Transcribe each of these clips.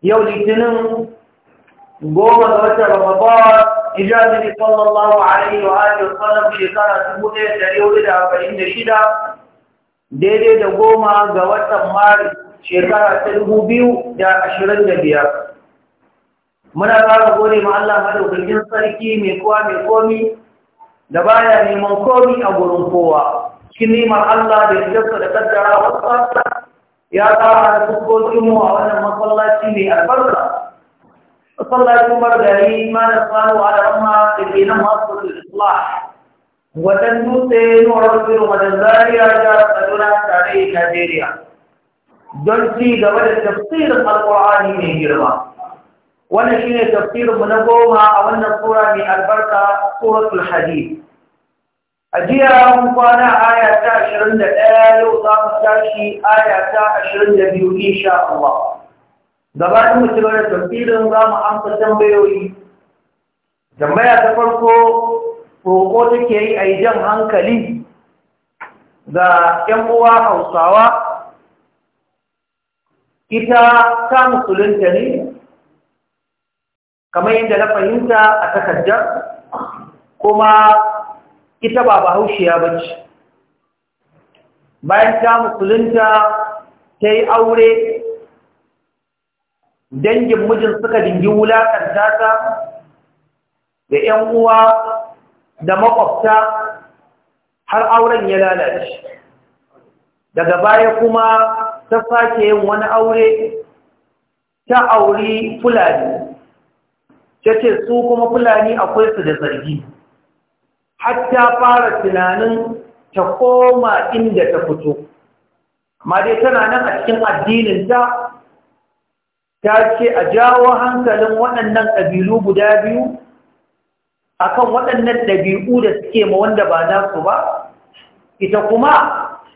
yau litinin goma da wata ramadan ijazi sallallahu alaihi wa alihi wa sallam shekara 1446 daidai da goma ga watan maris shekara ta 2025 muna fara gode ma Allah madaukakin sarki mai kowa mai komi da baya neman komi a gurin kowa cikin neman Allah da gidansa da kaddara wasa ya tsara da fuskokin mu a wannan masallaci mai albarka masallacin margari ma da tsaro a da amma da ke nan masu da islah wajen dutse nuwar biro wajen zariya da kaduna tare da najeriya don ci gaba da tafsirin alkur'ani mai girma wannan shine tafsirinmu na goma a wannan sura mai albarka suratul hadid A jiya mun kwana aya ta ɗaya yau za mu tashi aya ta 22 insha Allah. Gabanin mu ci da tafsirin za mu amsa tambayoyi. Tambaya ta farko roƙo take yi a jan hankali ga 'yan uwa Hausawa. Ita ta musulunta ne, kamar yadda na fahimta a takardar, kuma ita ba bahaushiya ba ce bayan ta musulunta ta yi aure dangin mijin suka dingi wulaƙanta ta da 'yan uwa da makwabta har auren ya lalace daga baya kuma ta sake yin wani aure ta auri fulani ta ce su kuma fulani akwai su da zargi har ta fara tunanin ta koma inda ta fito amma dai tana nan a cikin addininta ta ce a jawo hankalin waɗannan ƙabilu guda biyu akan waɗannan ɗabi'u da suke ma wanda ba nasu ba ita kuma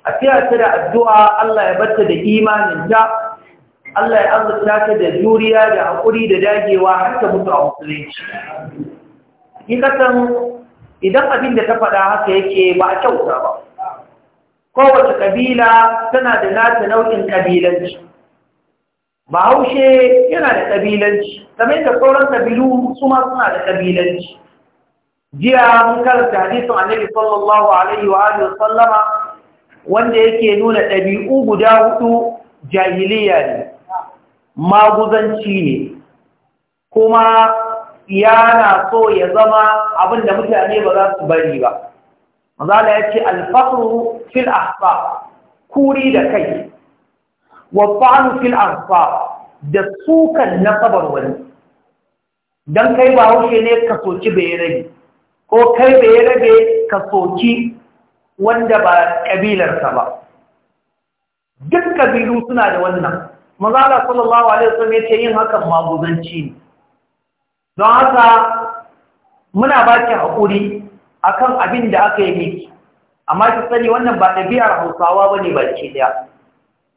a tsaya ta da addu'a Allah ya batta da imaninta Allah ya azurta ta da juriya da haƙuri da dagewa har ta mutu a musulunci. Ikatan idan abin da ta faɗa haka yake ba a kyauta ba kowace ƙabila tana da nata nau'in ƙabilanci bahaushe yana da ƙabilanci kamar yadda sauran ƙabilu su ma suna da ƙabilanci jiya mun karanta hadisin annabi sallallahu alaihi wa alihi sallama wanda yake nuna ɗabi'u guda hudu jahiliya ne maguzanci ne kuma yana so ya zama abin da mutane ba za su bari ba mazala ya ce alfahru fil ahsa kuri da kai wa fil ahsa da sukan nasabar wani Don kai ba haushe ne ka soki bai rage ko kai bai rage ka soki wanda ba ƙabilarsa ba duk ƙabilu suna da wannan mazala sallallahu alaihi wasallam ya ce yin hakan maguzanci ne don haka muna ba ki haƙuri a kan abin da aka yi miki amma ki sani wannan ba ɗabi'ar hausawa ba ne ba ke ɗaya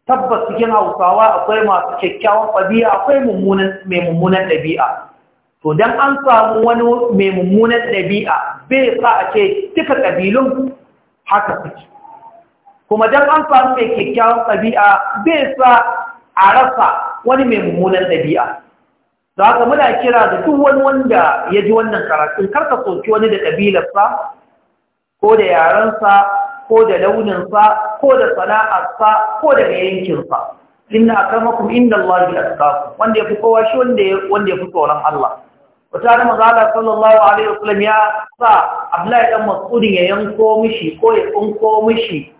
tabbas cikin hausawa akwai masu kyakkyawan ɗabi'a akwai mai mummunan ɗabi'a to don an samu wani mai mummunan ɗabi'a bai sa a ce duka ƙabilun haka suke kuma don an samu mai kyakkyawan ɗabi'a bai sa a rasa wani mai mummunan ɗabi'a da haka muna kira da duk wani wanda ya ji wannan karatun karka soki wani da ƙabilarsa ko da yarensa ko da launinsa ko da sana'arsa ko da yankinsa inna akramakum inda Allah ya tsaka wanda ya fi kowa shi wanda ya wanda fi tsoron Allah wata da manzo sallallahu alaihi wasallam ya sa Abdullahi dan Mas'udin ya yanko mishi ko ya tsunko mishi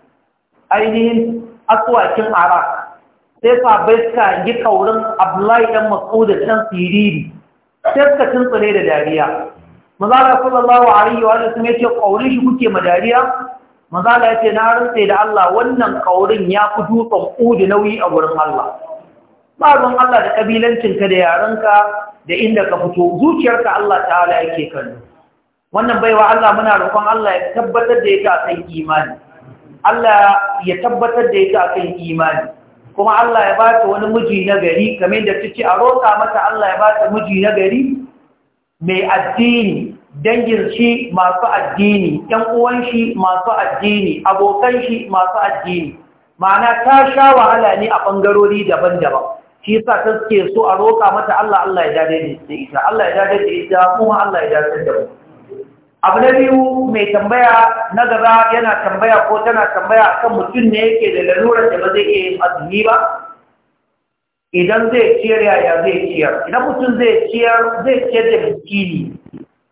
ainihin aswakin Arab sai sahabbai suka yi kaurin abdullahi ɗan Masuda da dan siriri sai suka tuntsune da dariya maza sallallahu alaihi wa sallam ce kaurin shi kuke ma dariya Mazala ya ce na rantse da Allah wannan kaurin ya fi dutsen udu nauyi a gurin Allah Ba zan Allah da kabilancinka da yarenka da inda ka fito zuciyarka Allah ta'ala yake kallo wannan baiwa Allah muna roƙon Allah ya tabbatar da yake imani Allah ya tabbatar da yake a kan imani kuma Allah ya ba ta wani miji na gari kamar da tace a roƙa mata Allah ya ba ta miji na gari mai addini dangin shi masu addini ɗan uwan shi masu addini abokan shi masu addini ma'ana ta sha wahala ne a ɓangarori daban-daban shi yasa ta suke so a roƙa mata Allah Allah ya dade da ita Allah ya dade da ita kuma Allah ya dade da ita abu na biyu mai tambaya na gaba yana tambaya ko tana tambaya kan mutum ne yake da lalurar da ba zai iya yin azumi ba idan zai ciyar yaya zai ciyar idan mutum zai ciyar zai ciyar da miskini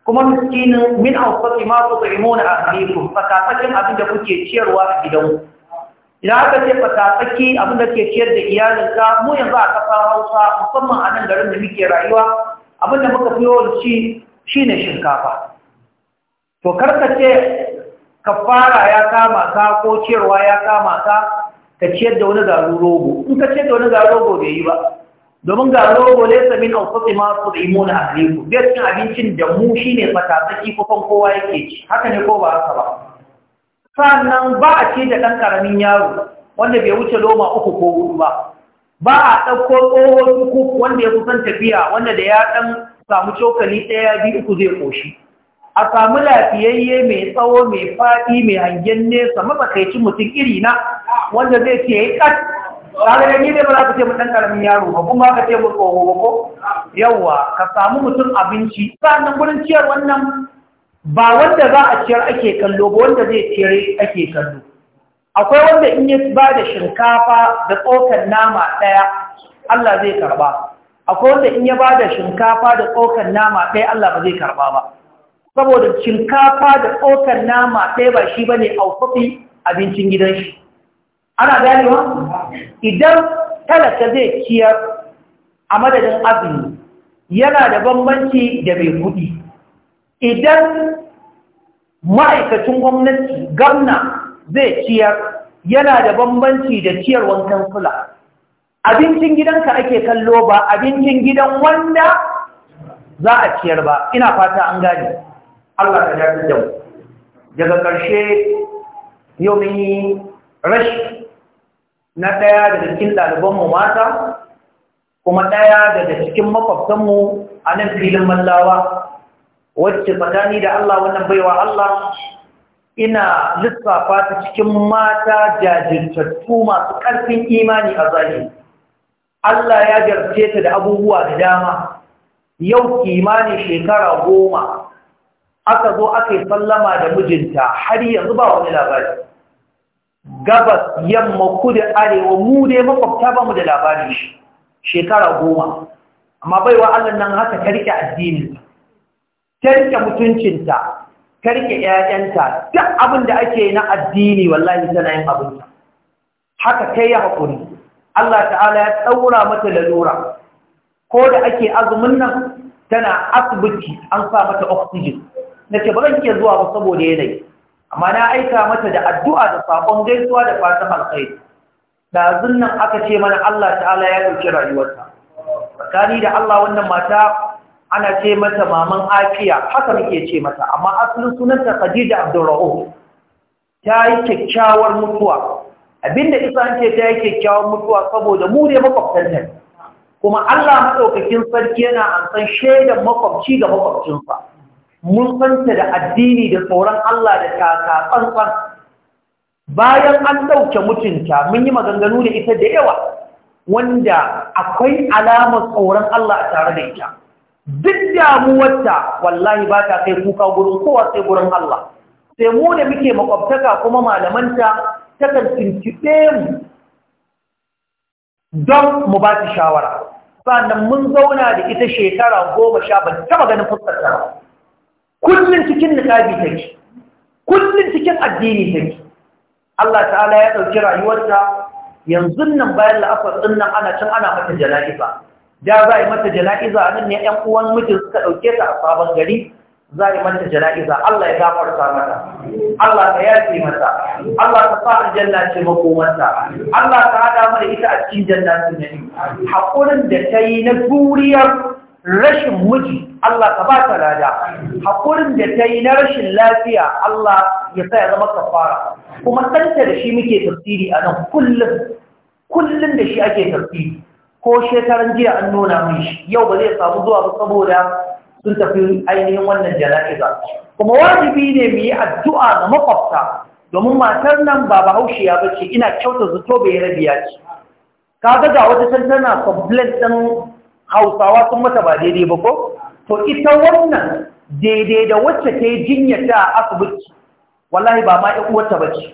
kuma miskinin min hausaki ma ku tsarimo na ahaliku abin da kuke ciyarwa a gidanku idan aka ce fasafaki abin da ke ciyar da iyalinka mu yanzu a kasar hausa musamman a nan garin da muke rayuwa abin da muka fi yawan ci shine shinkafa to karka ce kafara ya kama ka ko ciyarwa ya kama ka ka ciyar da wani garo rogo in ka ciyar da wani garo rogo bai yi ba domin garo rogo ne sami na ma su da imo na ahliku bai cikin abincin da mu shi ne ki kofan kowa yake ci haka ne ko ba haka ba sannan ba a ce da ɗan ƙaramin yaro wanda bai wuce loma uku ko hudu ba ba a ɗauko tsohon uku wanda ya kusan tafiya wanda da ya ɗan samu cokali ɗaya biyu uku zai ƙoshi a samu lafiyayye mai tsawo mai faɗi mai hangen nesa matsakaicin mutum iri na wanda zai ce ya ƙas tare da ne ba za ka ce mutum ƙaramin yaro ba kuma ka ce mutum ko ko ka samu mutum abinci sa'annan gudun ciyar wannan ba wanda za a ciyar ake kallo ba wanda zai ciyar ake kallo akwai wanda in ya ba da shinkafa da tsokan nama ɗaya Allah zai karba akwai wanda in ya ba da shinkafa da tsokan nama ɗaya Allah ba zai karba ba saboda shinkafa da tsokar nama ɗaya ba shi ba ne a aufafi abincin gidan shi ana ganewa idan talaka zai ciyar a madadin azumi yana da bambanci da mai kuɗi idan ma'aikacin gwamnati gamna zai ciyar yana da bambanci da wankan kansula abincin gidanka ake kallo ba abincin gidan wanda za a ciyar ba ina fata an gane Allah ka dace da mu daga ƙarshe yau mun yi rashi na ɗaya daga cikin ɗalibanmu mata kuma ɗaya daga cikin makwabtanmu a nan filin mallawa wacce tsakani da Allah wannan baiwa Allah ina lissafa ta cikin mata jajirtattu masu ƙarfin imani a zahiri Allah ya jarce ta da abubuwa da dama yau kimanin shekara goma aka zo aka yi sallama da mijinta har yanzu ba wani labari gabas yamma kudu arewa mu dai makwabta ba mu da labari shi shekara goma amma baiwa allah nan haka ta rike addini ta mutuncinta ta 'ya'yanta duk abin da ake na addini wallahi tana yin ta. haka ta yi haƙuri allah ta'ala ya tsaura mata lalura ko da ake azumin nan tana asibiti an sa mata oxygen na ba zan iya zuwa ba saboda yanayi amma na aika mata da addu'a da sakon gaisuwa da fatan alkhairi da zunnan aka ce mana Allah ta'ala ya ɗauki rayuwarta tsakani da Allah wannan mata ana ce mata maman afiya haka muke ce mata amma asalin sunanta Khadija Abdurra'uf ta yi kyakkyawar mutuwa abinda isa an ce ta yi kyakkyawar mutuwa saboda mu ne makwabtan nan kuma Allah Maɗaukakin sarki yana an san shaidan makwabci ga makwabcinsa mun santa da addini da tsoron Allah da taka tsantsan bayan an ɗauke mutunta mun yi maganganu da ita da yawa wanda akwai alamar tsoron Allah a tare da ita duk damuwarta wallahi ba ta kai kuka gurin kowa sai gurin Allah sai mu da muke makwabtaka kuma malamanta kan tuntuɓe mu don mu ba shawara sannan mun zauna da ita shekara goma sha ban taɓa ganin fuskar ta kullum cikin niqabi take kullum cikin addini take Allah ta'ala ya dauki rayuwarta yanzu nan bayan la'afar din nan ana cin ana mata jana'iza da za yi mata jana'iza nan ne 'yan uwan mijin suka dauke ta a sabon gari za yi mata jana'iza Allah ya gafarta mata Allah ka yafe mata Allah ta sa aljanna ce makomanta Allah ka hada mana ita a cikin jannatin nan hakurin da ta yi na duriyar rashin miji Allah ka ba ta lada hakurin da ta yi na rashin lafiya Allah ya sa ya zama kafara kuma ɗanta da shi muke tafsiri a nan kullum kullum da shi ake tafsiri ko shekaran jiya an nuna mai shi yau ba zai samu zuwa ba saboda sun tafi ainihin wannan jana'iza kuma wajibi ne mu yi addu'a ga makwabta domin matar nan ba bahaushiya ba ce ina kyauta zato bai rabiya ce kaga ga wata tantana tana complaint ɗin hausawa sun mata ba daidai ba ko to ita wannan daidai da wacce ta yi jinyata a asibiti wallahi ba ma ɗan uwarta ba ce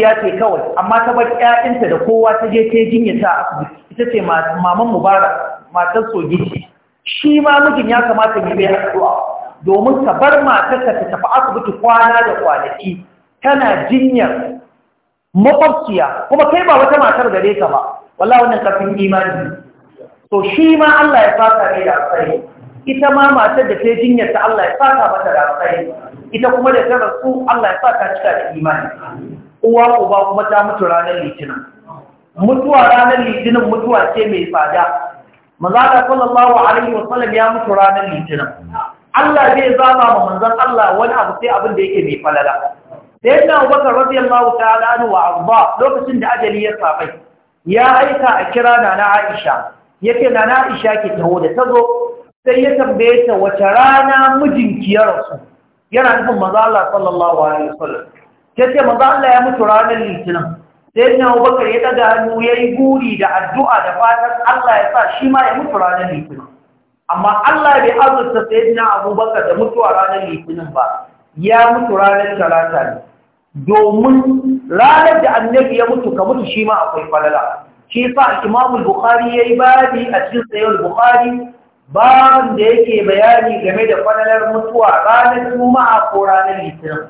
ya ce kawai amma ta bar ƴaƴanta da kowa ta je ta yi jinyata a asibiti ita ce maman mubarak matar sogici shi ma mijin ya kamata ya bai addu'a domin ka bar ka ta tafi asibiti kwana da kwanaki tana jinyar makwabciya kuma kai ba wata matar gare ka ba wallahi wannan kafin imani to shi ma Allah ya fata ne da alkhairi ita ma matar da ta jinyar ta Allah ya fata mata da alkhairi ita kuma da ta rasu Allah ya fata cika da imani uwa uba kuma ta mutu ranar litinin mutuwa ranar litinin mutuwa ce mai Maza manzala sallallahu alaihi wasallam ya mutu ranar litinin Allah zai zama ma manzon Allah wani abu sai abin da yake mai falala da yadda abubakar radiyallahu ta'ala anhu wa arda lokacin da ajali ya safai ya aika a kira na na Aisha ya ce na Aisha ke taho da ta zo sai ya tambaye ta wace rana mijinki ya rasu yana nufin maza Allah sallallahu alaihi wasallam ta ce maza Allah ya mutu ranar litinin sai Abubakar ya daga hannu ya yi guri da addu'a da fatan Allah ya sa shi ma ya mutu ranar litinin amma Allah bai azurta sayyidina Abubakar da mutuwa ranar litinin ba ya mutu ranar talata ne domin ranar da annabi ya mutu ka mutu shi ma akwai falala shi sa Imam Bukhari yayi babi a cikin Sahih Bukhari babin da yake bayani game da fadalar mutuwa ranar Juma'a ko ranar Litinin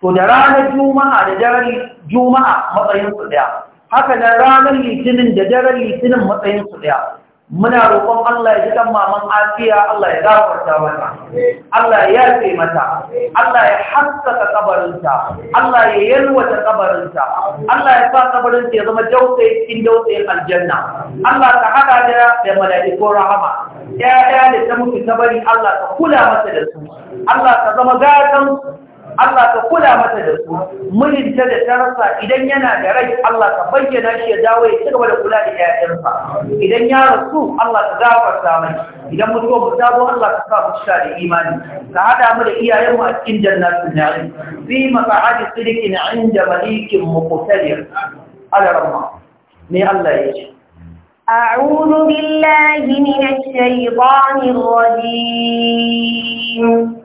to da ranar Juma'a da daren Juma'a matsayin su daya haka nan ranar Litinin da daren Litinin matsayin su daya muna roƙon Allah ya ji kan maman afiya Allah ya gafarta mata Allah ya yafe mata Allah ya haskaka kabarinta Allah ya yalwata kabarinta Allah ya sa kabarinta ya zama dausayi cikin dausayin aljanna Allah ta hada da da mala'iku rahama ya da ta mutu ta bari Allah ta kula masa da su Allah ta zama gatan Allah ka kula mata da su mijinta da ta rasa idan yana da rai Allah ka bayyana shi ya dawo ya cigaba da kula da ƴaƴansa idan ya rasu Allah ka gafarta mai idan mutuwa mu ta zo Allah ka sa mu cika da imani ka hada mu da iyayen mu a cikin jannatin nari fi maq'adi sidiqin 'inda malikin muqtadir ala rahma ne Allah ya ce أعوذ بالله من الشيطان الرجيم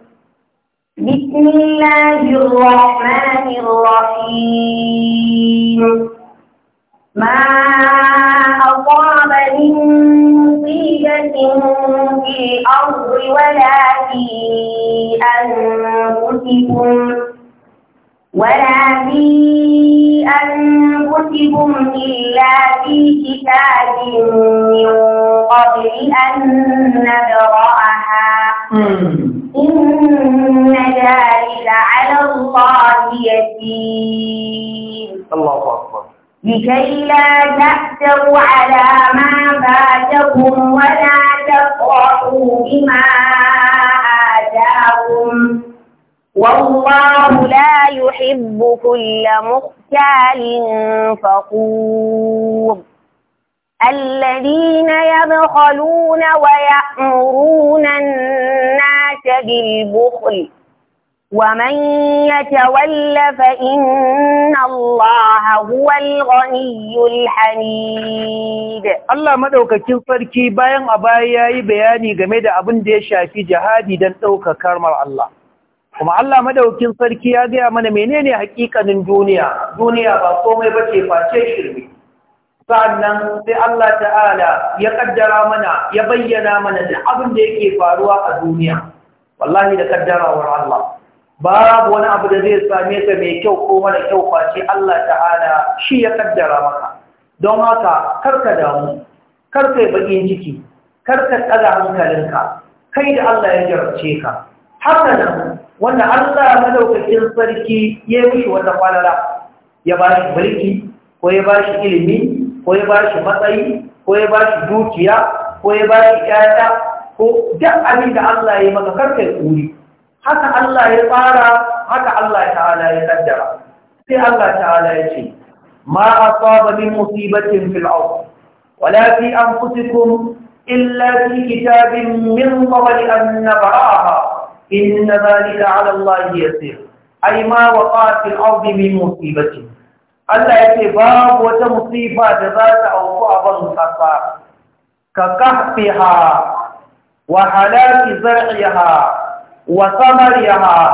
بسم الله الرحمن الرحيم ما أصاب من مصيبة في الأرض ولا في أنفسكم ولا في أنفسكم إلا في كتاب من قبل أن نبرأها إن ذلك على الله يسير الله أكبر لكي لا تأتوا على ما فاتكم ولا تفرحوا بما آتاكم والله لا يحب كل مختال فخور الذين يبخلون ويأمرون الناس بالبخل ومن يتول فإن الله هو الغني الحميد Allah madaukakin sarki bayan a baya yayi bayani game da abin da ya shafi jihadi dan ɗaukar karmar Allah kuma Allah madaukakin sarki ya gaya mana menene hakikanin duniya duniya ba komai bace face shirme sannan sai Allah ta'ala ya kaddara mana ya bayyana mana da abin da yake faruwa a duniya wallahi da kaddarawar Allah babu wani abu da zai same ka mai kyau ko mara kyau face Allah ta'ala shi ya kaddara maka don haka karka damu karka yi bakin ciki karka tsada hankalinka kai da Allah ya jarabce ka haka nan wanda Allah madaukakin sarki ya yi mishi wata falala ya ba shi mulki ko ya ba shi ilimi ko ya ba shi matsayi ko ya ba shi dukiya ko ya ba shi ƴaƴa ko duk abin da Allah ya maka karka ya ƙuri. haka Allah ya tsara haka Allah ta'ala ya kaddara sai Allah ta'ala ya ce ma asaba min musibatin fil ard wala fi anfusikum illa fi kitabin min qabli an nabraha inna dhalika 'ala Allah yasir ay ma waqa'a fil ard min musibatin Allah ya ce babu wata musifa da za ta auku a ban ƙasa ka kahfiha wa halaki zar'iha wa ha.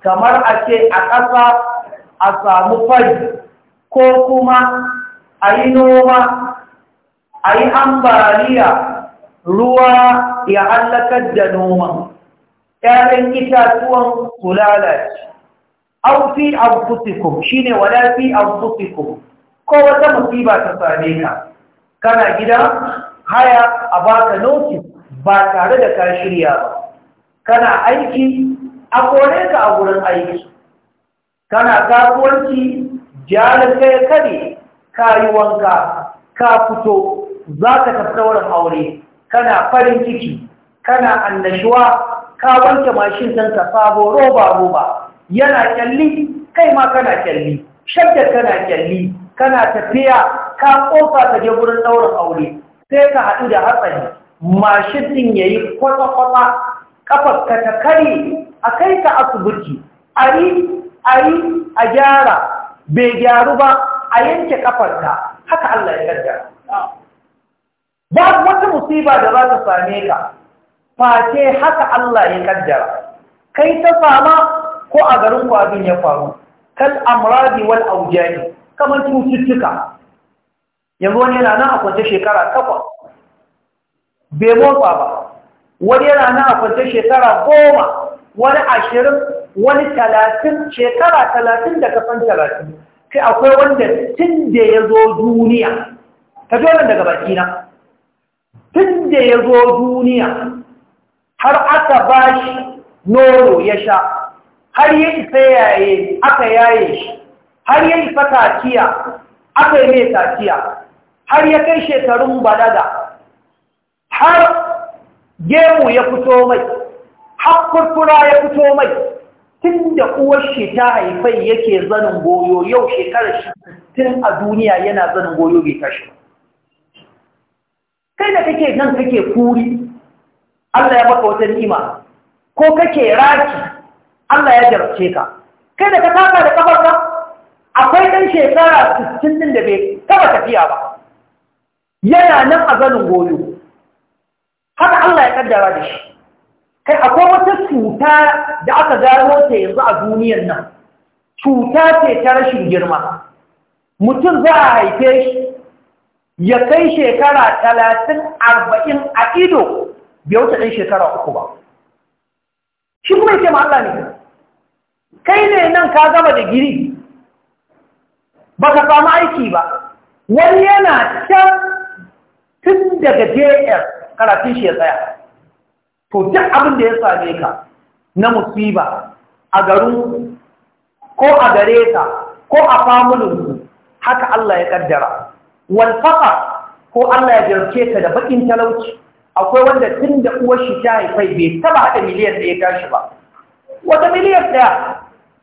kamar a ce a ƙasa a samu fai, ko kuma a yi noma a yi ambaliya ruwa ya hallakar da noman ‘ya'yan itatuwan su lalace aw fi anfusikum shine wala fi anfusikum ko wata musiba ta same ka kana gida haya a baka noti ba tare da ka shirya ba kana aiki a kore ka a wurin aiki kana kasuwanci jalinka ya kare ka yi wanka ka fito za ka tafi wurin aure kana farin ciki kana annashuwa ka wanke mashin ɗinka sabo roba roba yana kyalli kai ma kana kyalli shaddar kana kyalli kana tafiya ka kofa ta je gurin daurin aure sai ka haɗu da hatsari mashin din yayi kwata-kwata kafar ka ta kare a kai ka asibiti a yi a yi a gyara bai gyaru ba a yanke ka haka Allah ya gaddara ba wata musiba da za ta same ka face haka Allah ya kaddara kai ta sama ko a garin ku abin ya faru kal amradi wal aujani kamar cututtuka yanzu wani yana nan a kwance shekara takwas bai motsa ba wani yana nan a kwance shekara goma wani ashirin wani talatin shekara talatin da kasan talatin sai akwai wanda tun da ya zo duniya ta jonan daga na. tun da ya zo duniya har aka ba shi nono ya sha har ya isa yaye aka yaye shi har ya isa kaciya aka yi mai kaciya har ya kai shekarun balaga har gemu ya fito mai har kurkura ya fito mai tun da uwar shi ta haifai yake zanin goyo yau shekarar shi tun a duniya yana zanin goyo bai tashi kai da kake nan kake kuri Allah ya baka wata ni'ima ko kake raki Allah ya jarabce ka kai da ka taka da kafar ka akwai ɗan shekara 60 din da bai taba tafiya ba yana nan a zanin goyo haka Allah ya kaddara da shi kai akwai wata cuta da aka gano ta yanzu a duniyar nan cuta ce ta rashin girma mutum za a haife shi ya kai shekara talatin arba'in a ido bai wuce ɗan shekara uku ba shi kuma yake ma Allah ne kai ne nan ka gama da giri ba ka samu aiki ba wani yana can tun daga jr karatun shi ya tsaya to duk abin da ya same ka na musiba a garin ko a gare ka ko a famulinku haka Allah ya kaddara walfaqa ko Allah ya jarce ka da bakin talauci akwai wanda tun da uwar shi ta haifai bai taba hada miliyan da ya tashi ba wata miliyan ɗaya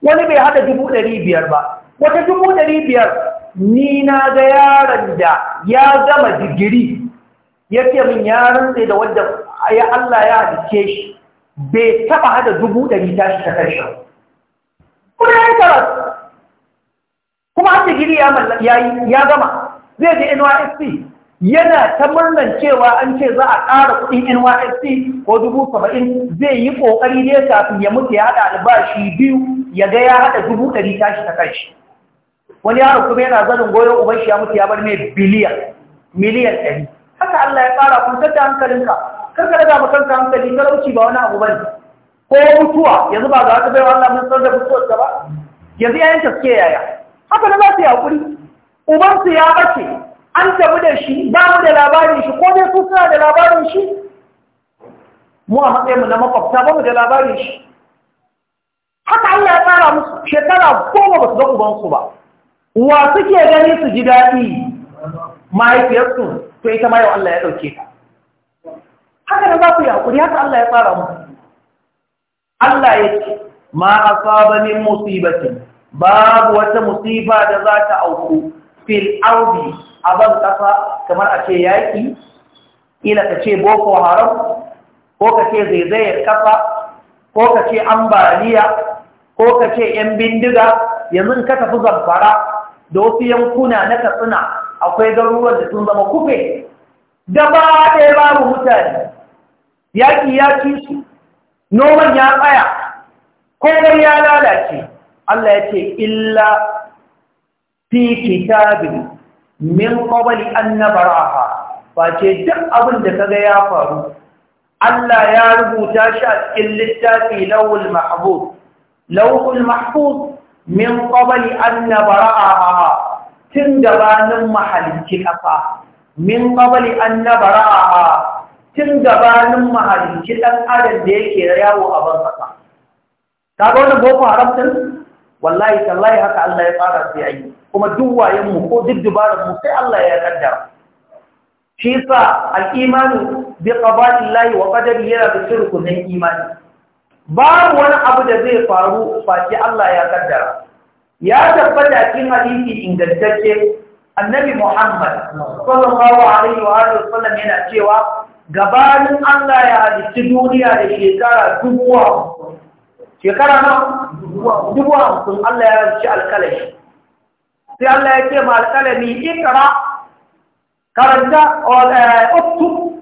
wani bai haɗa dubu ɗari biyar ba wata dubu ɗari biyar ni na ga yaron da ya gama digiri ya ce min yaron ne da wanda ya Allah ya halice shi bai taɓa haɗa dubu ɗari tashi ta karshe kuma ya yi kuma har digiri ya gama zai je NYSC yana ta murnan cewa an ce za a ƙara kuɗin NYSC ko dubu saba'in zai yi ƙoƙari ne kafin ya mutu ya haɗa albashi biyu ya ga ya haɗa dubu ɗari tashi ta kanshi. Wani yaro kuma yana zanin goyon uban shi ya mutu ya bar mai biliyan, miliyan ɗari. Haka Allah ya fara kun da hankalinka, kar ka daga ma kanka hankali talauci ba wani abu bane. Ko mutuwa yanzu ba ka bai wa Allah mun san da mutuwarsa ba. Yanzu ya ta suke yaya. Haka na za su yi haƙuri. Ubansu ya ɓace, an tafi da shi ba mu da labarin shi ko dai su suna da labarin shi mu a matsayinmu na makwabta ba mu da labarin shi haka Allah ya tsara musu shekara goma ba su ga ubansu ba wa suke gani su ji daɗi mahaifiyarsu to ita ma yau Allah ya ɗauke ta haka da za ku yi haƙuri haka Allah ya tsara musu Allah ya ce ma asaba min musibatin babu wata musiba da za ta auku fil ardi a kafa ƙasa kamar a ce yaƙi ila ka ce boko haram ko ka ce zaizayar ƙasa ko ka ce ambaliya ko ka ce 'yan bindiga yanzu ka tafi zamfara da wasu yankuna na katsina akwai garuruwan da sun zama kufe gaba ɗaya babu mutane yaƙi ya ci su noman ya tsaya ko ya lalace Allah ya ce illa fi kitabin min qabli an nabaraha face duk abin da kaga ya faru Allah ya rubuta shi a cikin littafi lawul mahfuz lawul mahfuz min qabli an nabaraha tun gabanin mahalicci kafa min qabli an nabaraha tun gabanin mahalicci dan adam da yake yawo a ban kasa kaga wannan boko haram wallahi tallahi haka Allah ya tsara sai yi kuma duk wayen mu ko duk dubaran mu sai Allah ya kaddara shi yasa al-iman bi qada'illahi wa qadari yana da shirku na imani babu wani abu da zai faru face Allah ya kaddar ya tabbata cikin hadisi ingantacce annabi Muhammad sallallahu alaihi wa alihi wasallam yana cewa gabanin Allah ya halicci duniya da shekara dubu shekara na dubu hamsin Allah ya ci alkalami sai Allah ya ce ma alkalami ikara karanta eh, uktub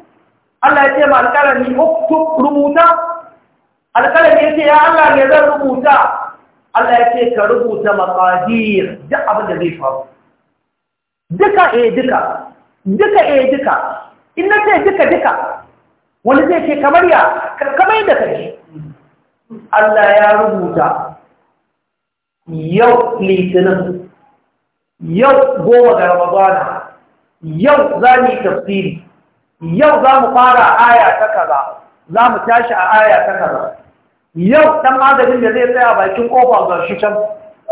Allah ya ce ma alkalami uktub rubuta alkalami ya ce ya Allah ne zan rubuta Allah ya ce ka rubuta makadir duk abin da zai faru duka e duka duka e duka in na ce duka duka wani zai ce kamar ya kamar yadda kai Allah ya rubuta yau litinin yau goma ga ramadana yau za mu yi tafsiri yau za mu fara aya ta kaza za mu tashi a aya ta kaza yau ɗan maganin da zai tsaya bakin kofa ga shi can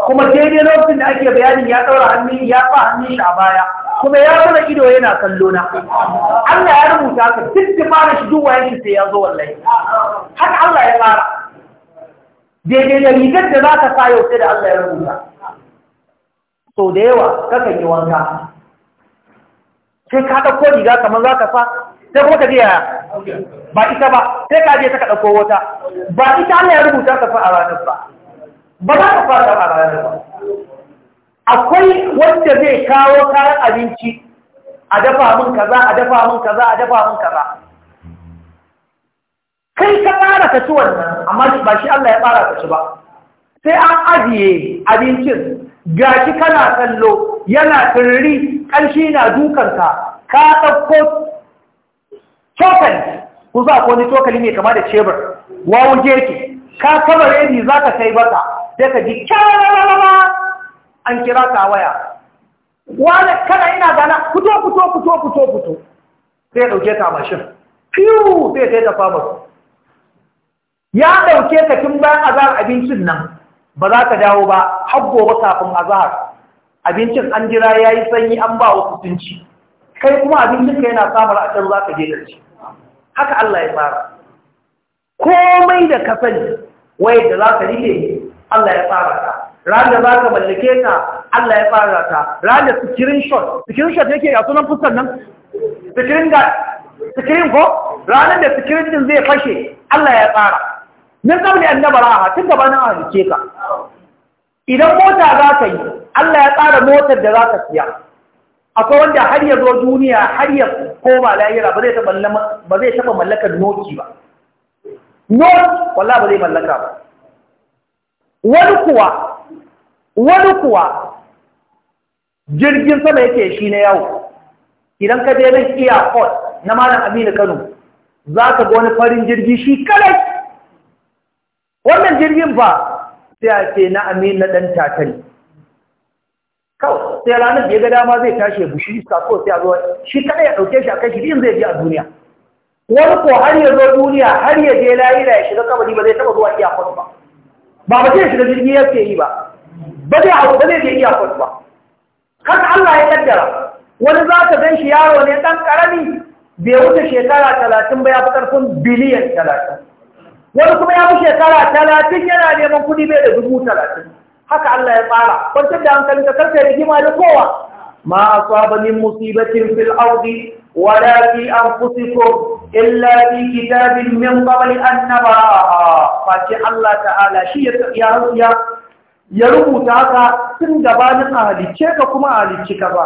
kuma daidai lokacin da ake bayanin ya ɗaura hannun ya fa hannun shi a baya kuma ya zama ido yana kallo na Allah ya rubuta ka duk da fara shi duk wayan shi sai ya zo wallahi haka Allah ya fara daidai da rigar da za ka sa yau sai da Allah ya rubuta so da yawa kaka yi wanka sai ka ɗauko riga kamar za ka sa sai kuma ka ji yaya ba ita ba sai ka je ta ka ɗauko wata ba ita Allah ya rubuta ka fa a ranar ba ba za ka fara a ranar ba akwai wanda zai kawo kayan abinci a dafa min kaza a dafa min kaza a dafa min kaza kai ka ƙara ka ci wannan amma ba shi Allah ya tsara ka ci ba sai an ajiye abincin gashi kana kallo yana turri ƙanshi na dukanka ka ɗauko cokali ku za ku wani cokali mai kama da cebur wawon jerki ka kama redi za ka kai bata sai ka ji kyararraba an kira ka waya wani kana ina gana fito fito fito fito fito sai ɗauke ka mashin fiyu sai ta yi su ya ɗauke ka tun bayan azahar abincin nan ba za ka dawo ba har gobe kafin azahar abincin an jira ya yi sanyi an ba wasu sun ci kai kuma abincin ka yana samar a can za ka je da shi haka Allah ya tsara komai da ka sani waye da za ka rike Allah ya tsara ta ran da za ka mallake ta Allah ya tsara ta ran da sikirin shot yake a sunan fuskar nan Sikirin ga sikirin ko ranar da sikirin din zai fashe Allah ya tsara min qabli an nabaraha tun gabanin a halice ka idan mota za ka yi Allah ya tsara motar da za ka siya akwai wanda har ya zo duniya har ya koma layira ba zai taɓa mallakar noki ba noki wallah ba zai mallaka ba wani kuwa wani kuwa jirgin sama yake shi na yawo idan ka je nan airport na malam aminu kano za ka ga wani farin jirgi shi kalai wannan jirgin fa sai a ce na amin na ɗan tatari. kawai sai ranar da ya ga dama zai tashi ya bushi iska ko sai a zo shi kaɗai ya ɗauke shi a kai shi ɗin zai je a duniya wani ko har ya zo duniya har ya je layira ya shiga kabari ba zai taɓa zuwa iya kwas ba ba ba zai shiga jirgi yake yi ba ba zai hau ba zai je iya kwas ba kan Allah ya kaddara wani za ka gan shi yaro ne ɗan ƙarami bai wuce shekara talatin ba ya fi ƙarfin biliyan talatin wani kuma ya fi shekara talatin yana neman kuɗi bai da dubu talatin haka Allah ya tsara kwantar da hankali ka karka rigima da kowa ma asaba min musibatin fil ardi wala fi anfusikum illa fi kitabin min qabli an nabaha fa ce Allah ta'ala shi ya ya ya rubuta haka tun gabanin a halicce ka kuma a halicci ka ba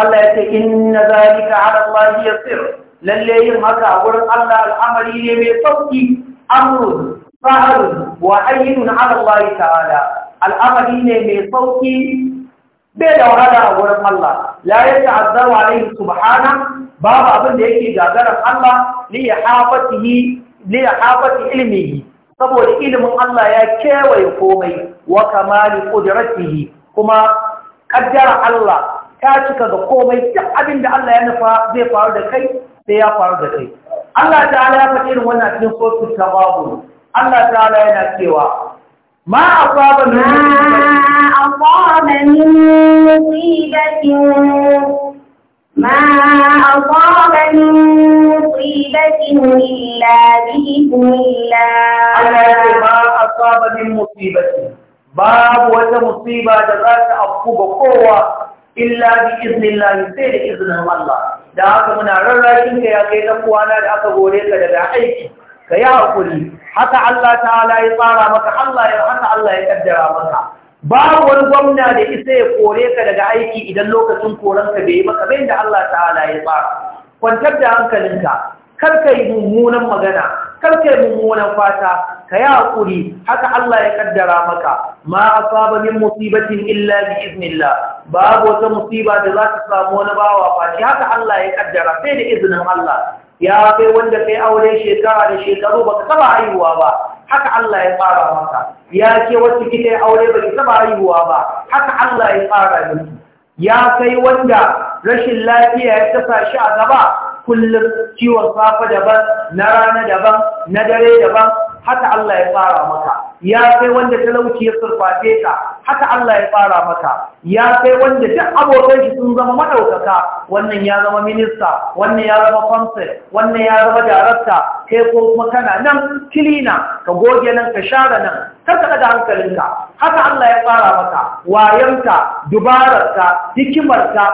Allah ya ce inna zalika ala Allah yasir lalle yin haka a wurin Allah al'amari ne mai sauƙi amrun saharun wa ayyun Allah ta'ala al'amari ne mai sauƙi bai da wahala a wurin Allah la ya ta'azzaru alaihi subhana babu abin da yake gagarar Allah li ya li hafati ilmihi saboda ilimin Allah ya kewaye komai wa kamali qudratihi kuma ƙaddara Allah ta cika ga komai duk abin da Allah ya nufa zai faru da kai sai ya faru da kai Allah ta'ala ya faɗi irin wannan cikin sosu ta babu Allah ta'ala yana cewa ma a faɓa na Babu wata musiba da za ta afu ga kowa illa iznillahi sai da izinin Allah da haka muna rarrashin ka ya kai dan da aka gore ka daga aiki ka yi hakuri haka Allah ta'ala ya tsara maka Allah ya haka Allah ya kaddara maka babu wani gwamna da isa ya kore ka daga aiki idan lokacin koren ka bai yi maka bai da Allah ta'ala ya tsara kwantar da hankalinka kar ka yi mummunan magana karkai mummunan fata ka yi haƙuri haka Allah ya ƙaddara maka ma asaba min musibatin illa bi iznillah babu wata musiba da za ta samu wani bawa fashi haka Allah ya ƙaddara, sai da izinin Allah ya kai wanda kai aure shekara da shekaru baka taba haihuwa ba haka Allah ya fara maka ya ke wacce kike aure baki taba haihuwa ba haka Allah ya fara miki ya kai wanda rashin lafiya ya tasa shi a gaba kullum ciwon safa daban na rana daban na dare daban haka Allah ya fara maka ya sai wanda talauci ya surfafe ka haka Allah ya fara maka ya sai wanda duk abokan shi sun zama madaukaka wannan ya zama minista wannan ya zama consul, wannan ya zama darakta kai ko kuma kana nan kilina ka goge nan ka share nan karka ka daga hankalinka haka Allah ya fara maka wayanka dubararka hikimarka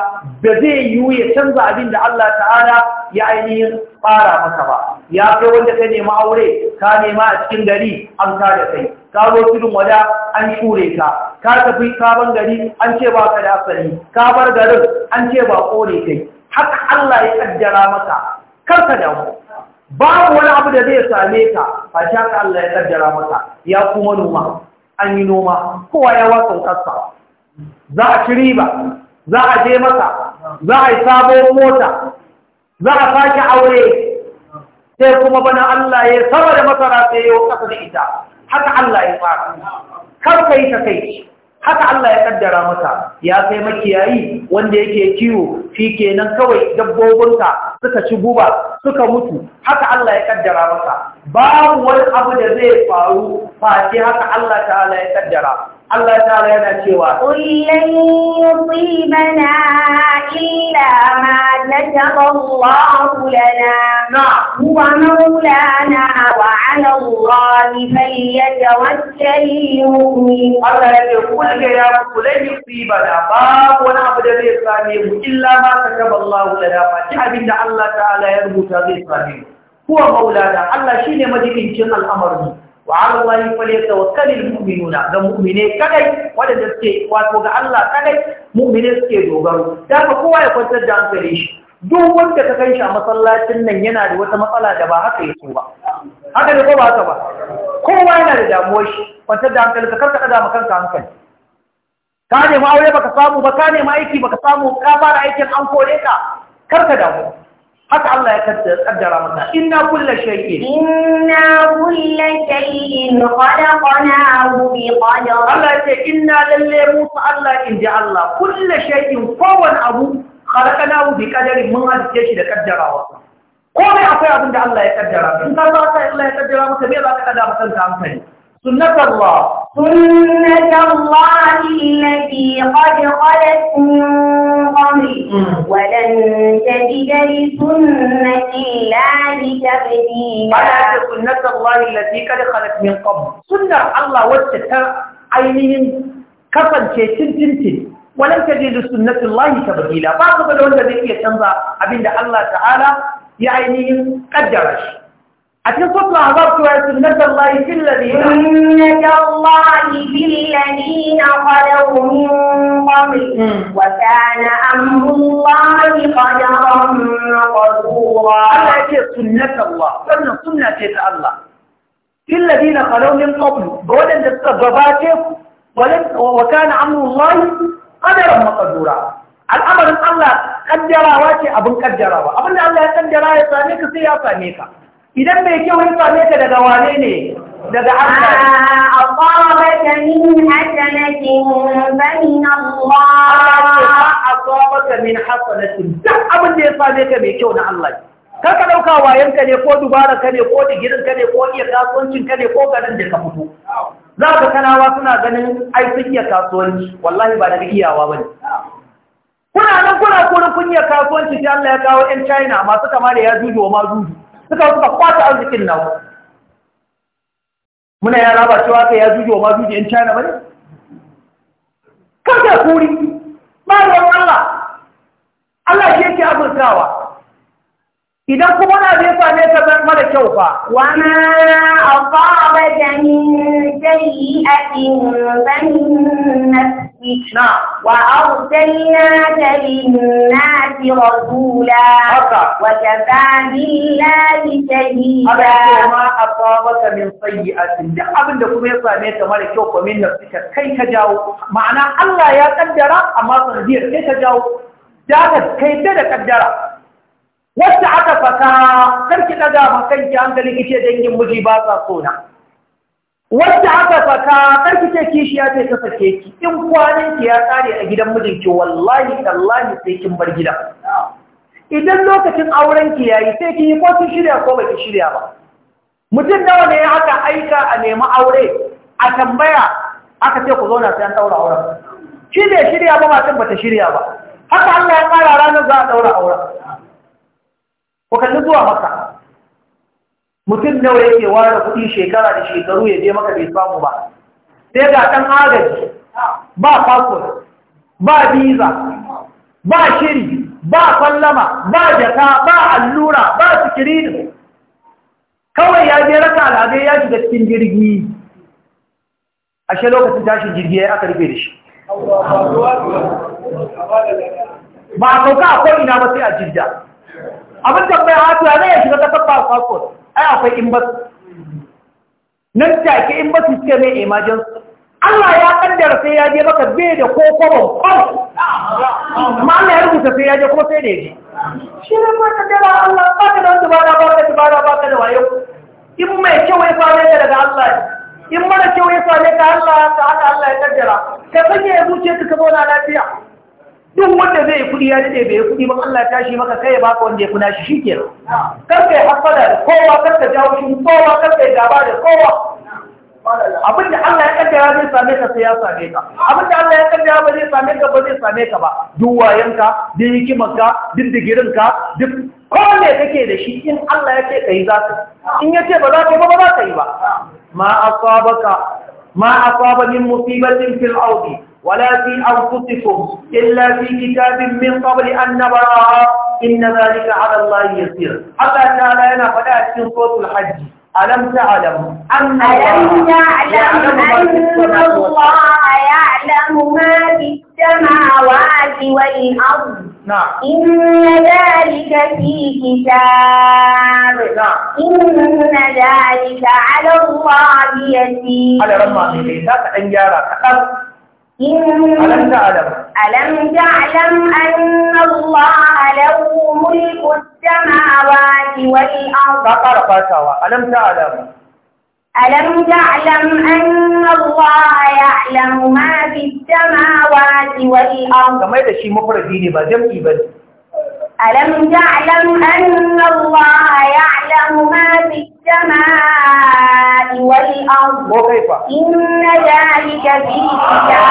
da zai yiwu ya canza abin da Allah ta'ala ya ainihin fara maka ba ya kai wanda ka nema aure ka nema a cikin gari an ka da kai ka zo tudun wada an shure ka ka tafi kaban gari an ce ba ka da asali ka bar garin an ce ba kore kai haka Allah ya kaddara maka kar ka damu babu wani abu da zai same ka a sha Allah ya kaddara maka ya kuma noma an yi noma kowa ya wasan kasa za a ci riba za a je masa za a yi sabon mota za a sake aure sai kuma bana Allah ya sama da masara sai ya kasa da ita haka Allah ya fara kar kai ta kai haka Allah ya kaddara masa ya kai makiyayi wanda yake kiwo shi kenan kawai dabbobinta suka ci guba suka mutu haka Allah ya kaddara masa babu wani abu da zai faru face haka Allah ta'ala ya kaddara Allah ta'ala yana cewa kullan yusibana illa ma kataba Allahu lana huwa maulana wa 'ala Allahi falyatawakkalul mu'min Allah ya ce kullan ya kullan yusibana babu wani abu da zai same mu illa ma kataba Allahu lana face abinda Allah ta'ala ya rubuta zai same mu huwa Maulada, Allah shine majibincin al'amarin wa ala Allahi falyatawakkal almu'minuna ga mu'mine kadai wanda suke wato ga Allah kadai mu'mine suke dogaro da kowa ya kwantar da hankali shi duk wanda ka kai shi a masallacin nan yana da wata matsala da ba haka yake ba haka da ko ba haka ba kowa yana da damuwar shi kwantar da hankali ka karka da kanka hankali ka nemi aure baka samu ba ka nemi aiki baka samu ka fara aikin an kore ka karka damu haka Allah ya kaddara masa inna kulla shay'in inna kulla shay'in khalaqnahu bi qadar Allah ya ce inna lalle mu Allah in ji Allah kulla shay'in kowan abu khalaqnahu bi qadari mun hadice shi da kaddarawa komai akwai abin da Allah ya kaddara in ka ba Allah ya kaddara maka me za ka kada maka amfani سنة الله سنة الله التي قد خلت من قبل ولن تجد لسنة الله تبديلا سنة الله التي قد خلت من قبل سنة الله وجدتها عينهم كفن شيء تنتن ولن تجد لسنة الله تبديلا بعض الولد ذي يتنظر أبين الله تعالى يعينهم قدرش a cikin sosu a ba su wasu na shi da biyu ba. Inna da Allah yi billani na kwada kuma wata na amurwa yi kwada kuma kwaduwa. Allah ce sunna sallah sannan sunna ce ta Allah. Killadi na kwada min kwami ga waɗanda suka gabace wa kana amurwa yi kadarin makadura. Al'amarin Allah ƙaddarawa ce abin ƙaddarawa. Abin da Allah ya kaddara ya same ka sai ya same ka. idan mai kyau ya same ka daga wane ne daga Allah ah, asabaka ya same ka mai kyau na Allah kar ka wayanka ne ko dubara ka ne ko digirin ka ne ko iya kasuwancin ka ne ko garin da ka fito za ka kanawa suna ganin ai sun iya kasuwanci wallahi ba daga iyawa ne. kuna nan kuna kuna kun iya kasuwanci sai Allah ya kawo 'yan China masu kama da ya juju wa ma juju suka suka kwata arzikin nawa muna yara ba cewa kai ya juje wa ma juje in China bane kar kuri ba ruwan Allah Allah shi yake kawa. idan kuma na zai same ka mara kyau fa wa ma asabaka min sayyi'atin fa min nafsik wa arsalnaka lin-nasi rasula wa kafaa billahi shahida ma asabaka min sayyi'atin da abin da kuma ya same ka mara kyau fa min nafsika kai ka jawo ma'ana Allah ya kaddara amma sanadiyar kai ka jawo da ka kai da kaddara wacce aka faka karki daga ma kanki hankali kice dangin miji ba sa na? wacce aka faka karki ce kishiya ce ta sake ki in kwanin ki ya tsare a gidan mijinki wallahi tallahi sai kin bar gida. idan lokacin auren ki yayi sai ki ko kin shirya ko baki shirya ba mutum da nawa ya aka aika a nemi aure a tambaya aka ce ku zauna sai an daura auren shi ne shirya ba matan bata shirya ba haka Allah ya fara ranar za a daura auren ku kalli zuwa maka mutum nawa yake ware kuɗi shekara da shekaru ya je maka bai samu ba sai ga ɗan agaji ba fasfot ba biza, ba shiri ba kwallama ba jaka ba allura ba sikirin kawai ya je raka al'adai ya shiga cikin jirgi ashe lokacin tashin jirgi ya yi aka rufe da shi ba a sauka a ko'ina ba sai a jirga abin tambaya a zai shiga ta A passport ai akwai basu. nan take embassy ce mai emergency Allah ya kaddara sai ya je maka bai da kokobon kwan amma Allah ya rubuta sai ya je kuma sai da ya je shi ne da kaddara Allah ba ka nan wanda ba ka da ba ka da wayo in mai kyau ya fara ka daga Allah in mara kyau ya fara ka Allah ka haka Allah ya kaddara ka sanya ya zuciya ka zauna lafiya duk wanda zai kudi ya dade bai kudi ba Allah ya tashi maka kai ya baka wanda ya kuna shi shikenan kar kai hasada da kowa kar ka jawo shi kowa kar kai gaba da kowa abin da Allah ya kaddara zai same ka sai ya same ka abin da Allah ya kaddara ba zai same ka ba zai same ka ba duk wayanka duk hikimarka duk digirinka duk kome kake da shi in Allah ya ce kai za ka in ya ce ba za ka yi ba ba za ka yi ba ma asabaka ma asaba min musibatin fil ardi ولا في أنفسكم إلا في كتاب من قبل أن نبراها إن ذلك على الله يسير حتى تعالى أنا فلا أتكن صوت الحج ألم تعلم أن ألم يعلم أن الله يعلم ما في السماوات والأرض نعم إن ذلك في كتاب نعم إن ذلك على الله يسير على في كتاب أن يرى ألم تعلم ألم تعلم أن الله له ملك السماوات والأرض ألم تعلم ألم تعلم أن الله يعلم ما في السماوات والأرض كما يدشي مفردين بجمعي بجمعي ألم تعلم أن الله يعلم ما في السماء والأرض إن ذلك في نعم.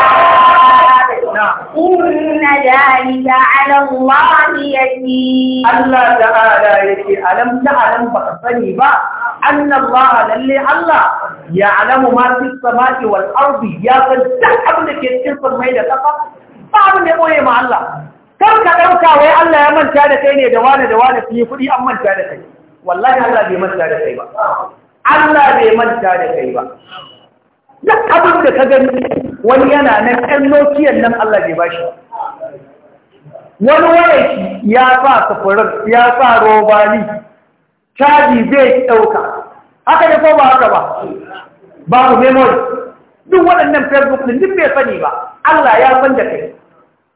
كتاب إن ذلك على الله يسير الله تعالى يسير ألم تعلم بقصني أن الله للي الله يعلم ما في السماء والأرض يا تحب لك يتكلم ميلة فقط بعض يقول مع الله kar ka ɗauka wai Allah ya manta da kai ne da wane da wane su yi kuɗi an manta da kai wallahi Allah bai manta da kai ba Allah bai manta da kai ba duk abin da ka gani wani yana nan ɗan nokiyan nan Allah bai bashi wani waya ya sa sufurin ya sa robani caji zai ɗauka haka ne ko ba haka ba babu memory duk waɗannan facebook ɗin duk bai sani ba Allah ya san da kai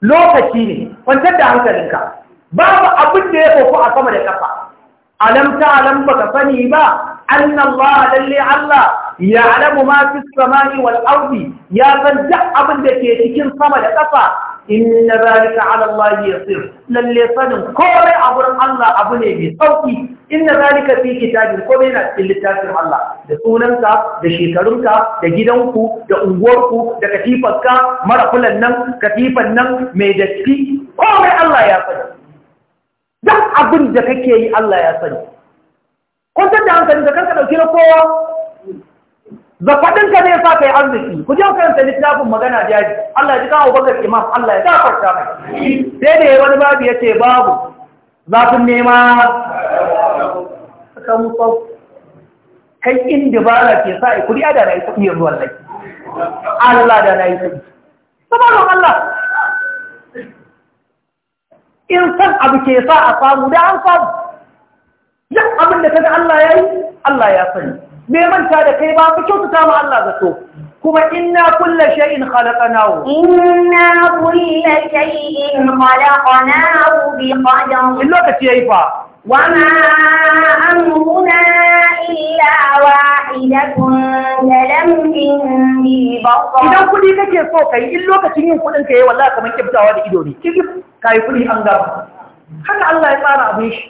lokaci ne kwantar da hankalinka babu abin da ya koko a sama da kafa alam alam baka sani ba annallaha lalle Allah ya alamu ma fi wal ardi ya san duk abin da ke cikin sama da kafa inna zalika ala Allah yasir lalle sanin kore a gurin Allah abu ne mai sauki inna zalika fi kitabin komai na cikin littafin Allah da sunanka da shekarunka da gidanku da unguwarku da katifarka mara kulan nan katifan nan mai datti komai Allah ya sani duk abin da kake yi Allah ya sani kun da hankali da kanka dauke na kowa zafaɗinka ne sa ka yi arziki ku je karanta littafin magana jaji Allah ya ji kawo bakar imam Allah ya gafarta mai sai da wani babu ya ce babu zafin nema ka musau kai inda ba na ke sa'i kudi riya da na yi kuɗi yanzu wallahi Allah da na yi kuɗi sabanin Allah in san abu ke sa a samu da an samu yan abin da ka ga Allah ya yi Allah ya sani bai manta da kai ba ku kyautata ma Allah zato kuma inna kulla shay'in khalaqnahu inna kulla shay'in khalaqnahu bi qadar in lokaci yayi fa wa ma amruna illa wahidatun kalamhin bi basar idan kudi kake so kai in lokacin yin kudin kai wallahi kamar kibtawa da ido ne kibif kai kudi an gaba haka Allah ya tsara abin shi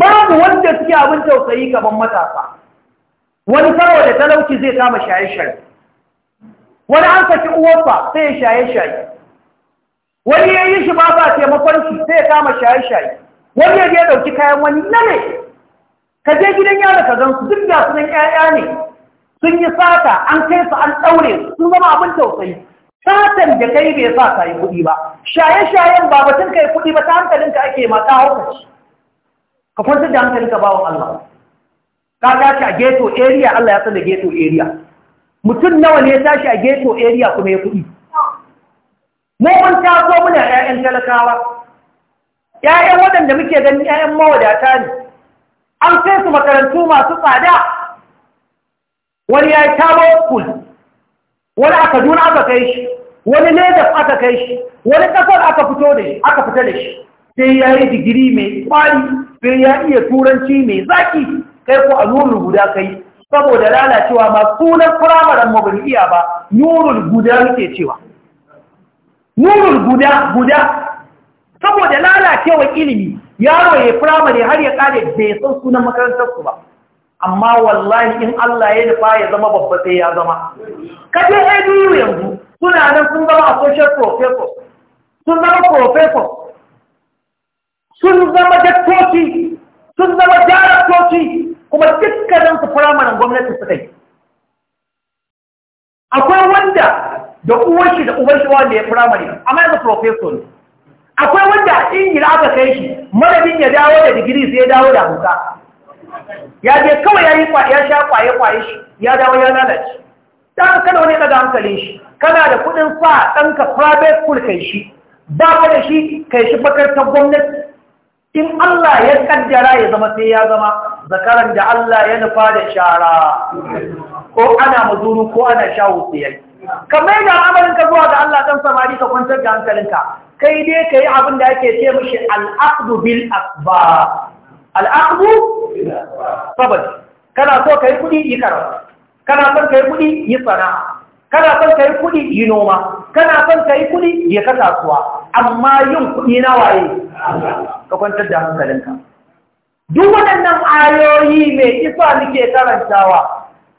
babu wanda suke abin tausayi gaban matasa wani da talauci zai kama shaye-shaye wani an saki uwarsa sai ya shaye-shaye wani ya yi shi ba taimakon shi sai ya kama shaye-shaye wani ya ya ɗauki kayan wani na ne ka je gidan yara ka gan su duk da sunan ƴaƴa ne sun yi sata an kai su an ɗaure sun zama abin tausayi satan da kai bai sa ka yi kuɗi ba shaye-shayen ba batun kai kuɗi ba ta hankalinka ake ma ta haukaci ka kwantar da hankalinka bawan Allah ka tashi a ghetto area Allah ya tsada ghetto area mutum nawa ne ya tashi a ghetto area kuma ya kuɗi mu mun taso muna ƴaƴan talakawa ƴaƴan waɗanda muke ganin ƴaƴan mawadata ne an sai su makarantu masu tsada wani ya yi tabo school wani a kaduna aka kai shi wani lagos aka kai shi wani ƙasar aka fito da shi aka fita da shi sai ya yi digiri mai kwari sai ya iya turanci mai zaki kai ko a nurul guda kai saboda lalacewa ma sunan firamaren mu iya ba nurul guda muke cewa nurul guda guda saboda lalacewa ilimi yaro ya firamare har ya kare bai san sunan makarantarsu ba amma wallahi in Allah ya nufa ya zama babba sai ya zama kaje ADU yanzu suna nan sun zama associate professor sun zama professor sun zama daktoci sun zama daraktoci kuma dukkanin su firamaren gwamnati su kai. akwai wanda da uwar shi da uban shi wanda ya firamare amma yanzu professor ne akwai wanda ingila aka kai shi marabin ya dawo da digiri sai ya dawo da huka ya je kawai ya yi kwaya sha kwaye kwaye shi ya dawo ya lalace dan kana wani daga hankalin shi kana da kudin sa ɗanka private school kai shi ba ka da shi kai shi bakar ta gwamnati in Allah ya kaddara ya zama sai ya zama zakaran da Allah ya nufa da shara ko ana mazuru ko ana shawo tsayayya kamar da amarin ka zuwa ga Allah dan samari ka kwantar da hankalinka kai dai kai abin da ake ce mishi al'aqdu bil asba al'aqdu sabab kana so kai kudi yi karo kana son kai kudi yi sana'a kana son kai kudi yi noma kana son kai kudi yi kasuwa amma yin kudi na waye ka kwantar da hankalinka duk waɗannan ayoyi mai isa nike karantawa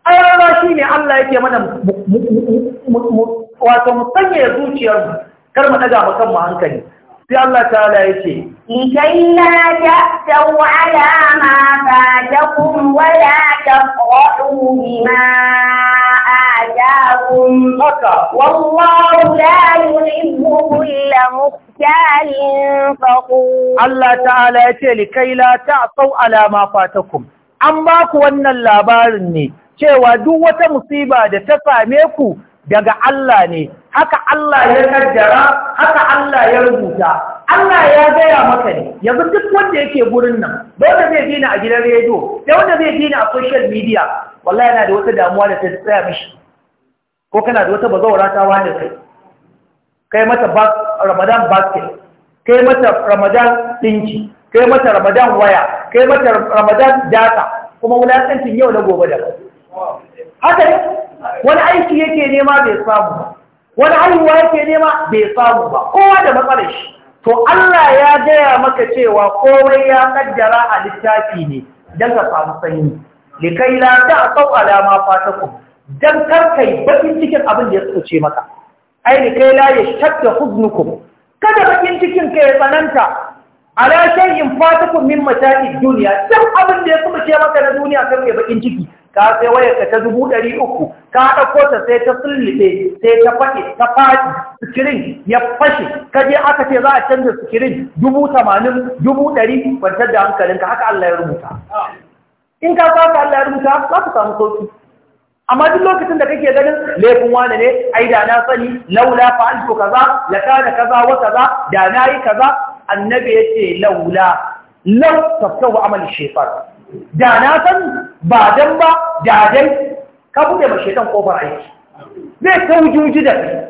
ayoyi shi ne Allah yake mana wato musanya zuciyar kar mu ɗaga mu kan mu hankali sai Allah ta'ala yake likai la ta'tau ala ma fatakum wala la taqra'u bima معكم والله لا يحب كل مختال فخور الله تعالى يتي لكي لا تعصوا على ما فاتكم an ba ku wannan labarin ne cewa duk wata musiba da ta same ku daga Allah ne haka Allah ya kaddara haka Allah ya rubuta Allah ya gaya maka ne yanzu duk wanda yake gurin nan da wanda zai gina a gidan rediyo da wanda zai gina a social media wallahi yana da wata damuwa da ta tsaya mishi ko kana da wata bazawara ta wani kai kai mata ramadan basket kai mata ramadan dinki kai mata ramadan waya kai mata ramadan data kuma wulakancin yau na gobe da haka ne wani aiki yake nema bai samu ba wani haihuwa yake nema bai samu ba kowa da matsalar shi to Allah ya gaya maka cewa komai ya kaddara a littafi ne don ka samu sanyi likai la ta sau alama fatakum don karkai bakin cikin abin da ya tsoce maka aini kai la ya shakka huznukum kada bakin cikin ka ya tsananta ala shay'in fatakum min mata'id dunya duk abin da ya tsoce maka na duniya kan kai bakin ciki ka sai waya ka ta dubu ɗari ka dauko ta sai ta sulluɓe sai ta ta fadi sikirin ya fashe ka je aka ce za a canza sikirin dubu tamanin dubu ɗari kwantar da hankalinka haka Allah ya rubuta in ka saka Allah ya rubuta za ka samu sauki amma duk lokacin da kake ganin laifin wane ne ai da na sani laula fa'altu kaza la kana kaza wa kaza da na yi kaza annabi yace laula law tafsahu amal shaytan da na san ba dan ba da dai ka bude ma shaytan kofar aiki zai kaujuji da kai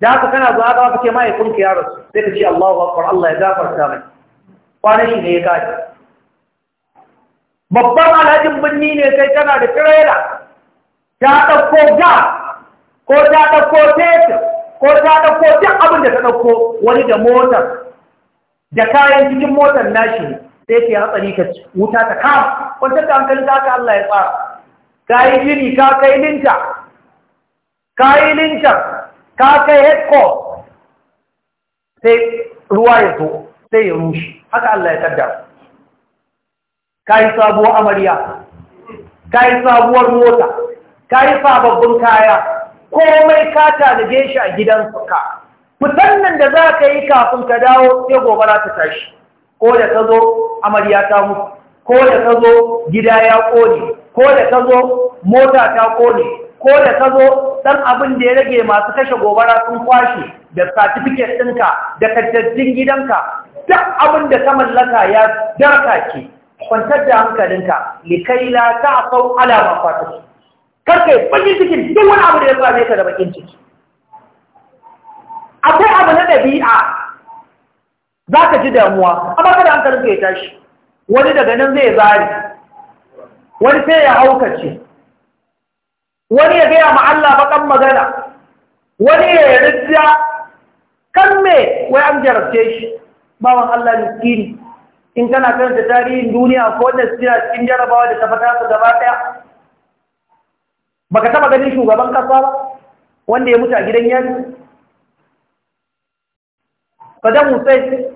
da haka kana zuwa ga kake mai kunki ya rasu sai ka ce Allahu akbar Allah ya gafarta mai shi ne ya kaji babban alhajin binni ne sai kana da tirela ta ɗauko ga ko ta ɗauko teku ko ta ɗauko duk abin da ta ɗauko wani da motar da kayan cikin motar nashi sai ke hatsari ka wuta ta kama kwantar ta hankali ta ka Allah ya tsara ka yi jini ka kai linta ka yi linta ka kai headcourt sai ruwa ya zo sai ya rushe haka Allah ya kaddara ka yi sabuwar amarya ka yi sabuwar mota ka yi sababbin kaya komai ka tanaje shi a ka. mutan nan da za ka yi kafin ka dawo sai gobara ta tashi ko da ka zo amarya ta mutu ko da ka zo gida ya ƙone ko da ka zo mota ta ƙone ko da ka zo ɗan abin da ya rage masu kashe gobara sun kwashe da satifiket ɗinka da kattattun gidanka duk abin da ka mallaka ya darka ke kwantar da hankalinka likaila ta asau alama fatashi karka yi bakin cikin duk wani abu da ya same ka da bakin ciki akwai abu na ɗabi'a za ka ji damuwa amma kada an karfi ya tashi wani daga nan zai zari wani sai ya haukace wani ya gaya ma Allah bakan magana wani ya rijiya kan me wai an jarabce shi bawan Allah miskini in kana karanta tarihin duniya ko wanda su cikin jarabawa da ta fata su gaba ɗaya baka taba ganin shugaban kasa ba wanda ya mutu a gidan yari Saddam Hussein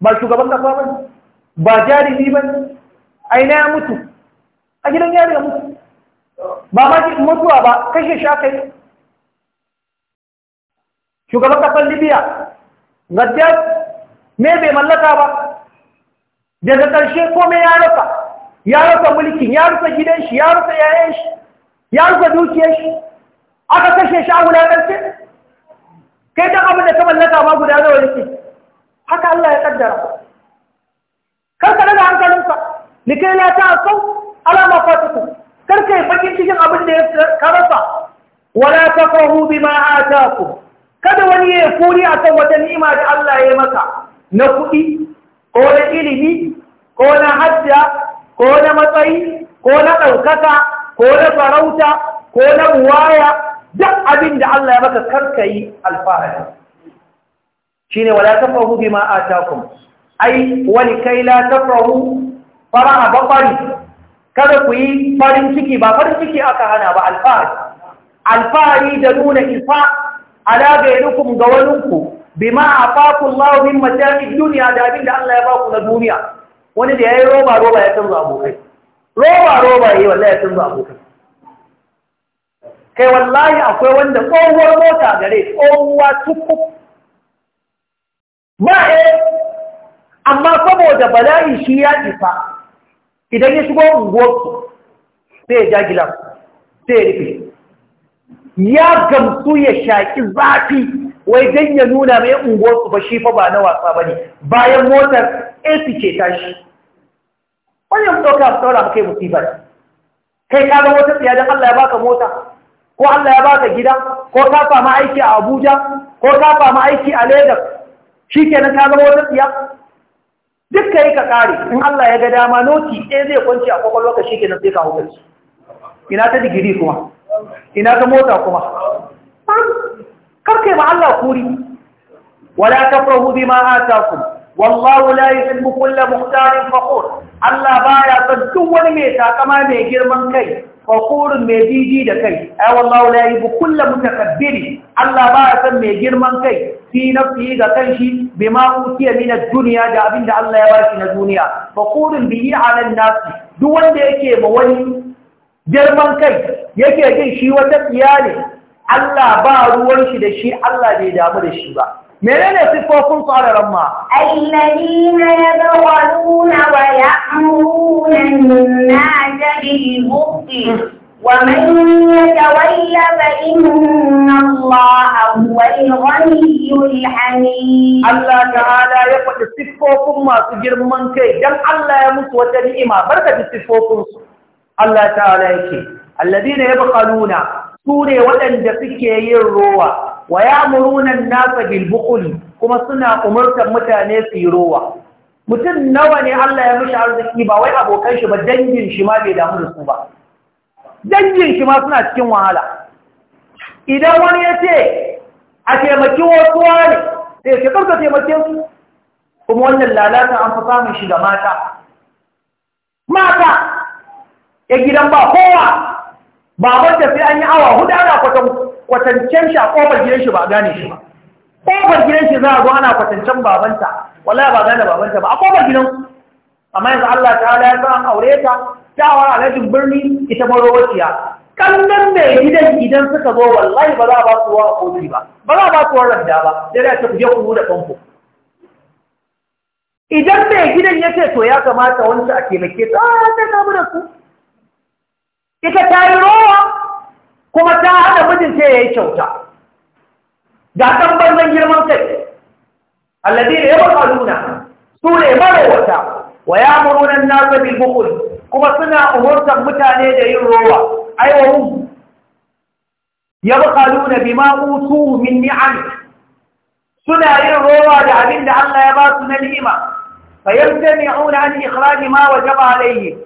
ba shugaban kasa ba ba jarumi ba aina ya mutu a gidan yari ya mutu ba ma mutuwa ba kashe shakai shugaban kasar Libya Gaddafi me bai mallaka ba daga ƙarshe kome ya rasa ya rasa mulkin ya rasa gidan shi ya rasa yayan shi ya rufe dukiyar shi aka kashe shi a wulaƙarci kai ta abin da ta mallaka ma guda nawa yake haka Allah ya kaddara kar ka daga hankalinsa nikai ya ta sau alama fatiku kar ka yi bakin cikin abin da ya karasa wala ta ma a ta ku kada wani ya a kan wata ni'ima da Allah ya maka na kuɗi ko na ilimi ko na hajja ko na matsayi ko na ɗaukaka ko na farauta ko na buwaya duk abin da Allah ya maka karka yi alfahari shi ne wala tafahu bima atakum ai wani kai la tafahu fara'a bakwari kada ku yi farin ciki ba farin ciki aka hana ba alfahari alfahari da nuna isa ala gairukum ga waninku bima afakum Allah min mata'id da abin da Allah ya baku na duniya wani da yayi roba roba ya canza abokai roba roba yi wallahi sun ba abokan kai wallahi akwai wanda tsohuwar mota gare tsohuwa tukku ba eh amma saboda bala'i shi ya isa idan ya shigo unguwarsu sai ya ja gilas sai ya rufe ya gamsu ya shaƙi zafi wai don ya nuna mai unguwarsu ba shi fa ba na wasa ba ne bayan motar ac ce tashi wani mu ɗauka mu ɗaura mu kai musibar kai ka ga wata tsiya don Allah ya baka mota ko Allah ya baka gida ko ka samu aiki a Abuja ko ka samu aiki a Lagos kenan ka ga wata tsiya duk ka yi ka kare in Allah ya ga dama noti ɗaya zai kwanci a kwakwalwa ka shi kenan sai ka hukunci ina ta digiri kuma ina ta mota kuma karkai ma Allah kuri wala tafrahu bima atakum wallahu la yuhibbu kulla muhtarin fakhur Allah duk wani mai takama mai girman kai fakurin mai jiji da kai ai wallahu la yuhibbu kulla mutakabbiri Allah ba ya san mai girman kai fi nafsi ga kanshi bima utiya min ad-dunya da da Allah ya ba shi na duniya fakurin bihi ala an-nas duk wanda yake ma wani girman kai yake jin shi wata tsiya ne Allah ba ruwan shi da shi Allah bai damu da shi ba menene sifofin tsararren ma alladina yadawaluna wa ya'muruna an-nasa bil-bukhli wa man yatawalla fa inna Allaha huwal ghaniyyul hamid Allah ta'ala ya faɗi siffofin masu girman kai dan Allah ya musu wata ni'ima barka da siffofin su Allah ta'ala yake alladina yabqaluna sune waɗanda suke yin rowa wa ya'muruna nasa bil bukhli kuma suna umurtar mutane su yi rowa mutum nawa ne Allah ya mishi arziki ba wai abokan shi ba dangin shi ma bai damu da su ba dangin shi ma suna cikin wahala idan wani ya ce a taimaki wasu wani sai ce karka taimake su kuma wannan lalata an fi samun shi da mata mata ya gidan ba kowa ba wanda sai an yi awa hudu ana kwatanku. kwatancen shi a kofar gidan shi ba gane shi ba kofar gidan shi za a zo ana kwatancen babanta wallahi ba gane babanta ba a kofar gidan amma yanzu Allah ta ya an aure ta dawa alhajin birni ita marowaciya kallon mai gidan idan suka zo wallahi ba za a ba su wa kofi ba ba za a ba su wa randa ba sai da ta kuje ku da famfo idan mai gidan ya ce to ya kamata wancan a taimake ta a ah, ta samu da su ita ta yi rowa kuma ta hana mijinta ya yi kyauta ga ɗan girman kai allazi da yawan aluna su ne marowata wa ya murunan nasa bilbukul kuma suna umurtar mutane da yin rowa aiwahun ya bukaluna bima ma'utu min ni'am suna yin rowa da abin da Allah ya ba su na ni'ima fayyar jami'una an ikhraj ma wajaba alayhi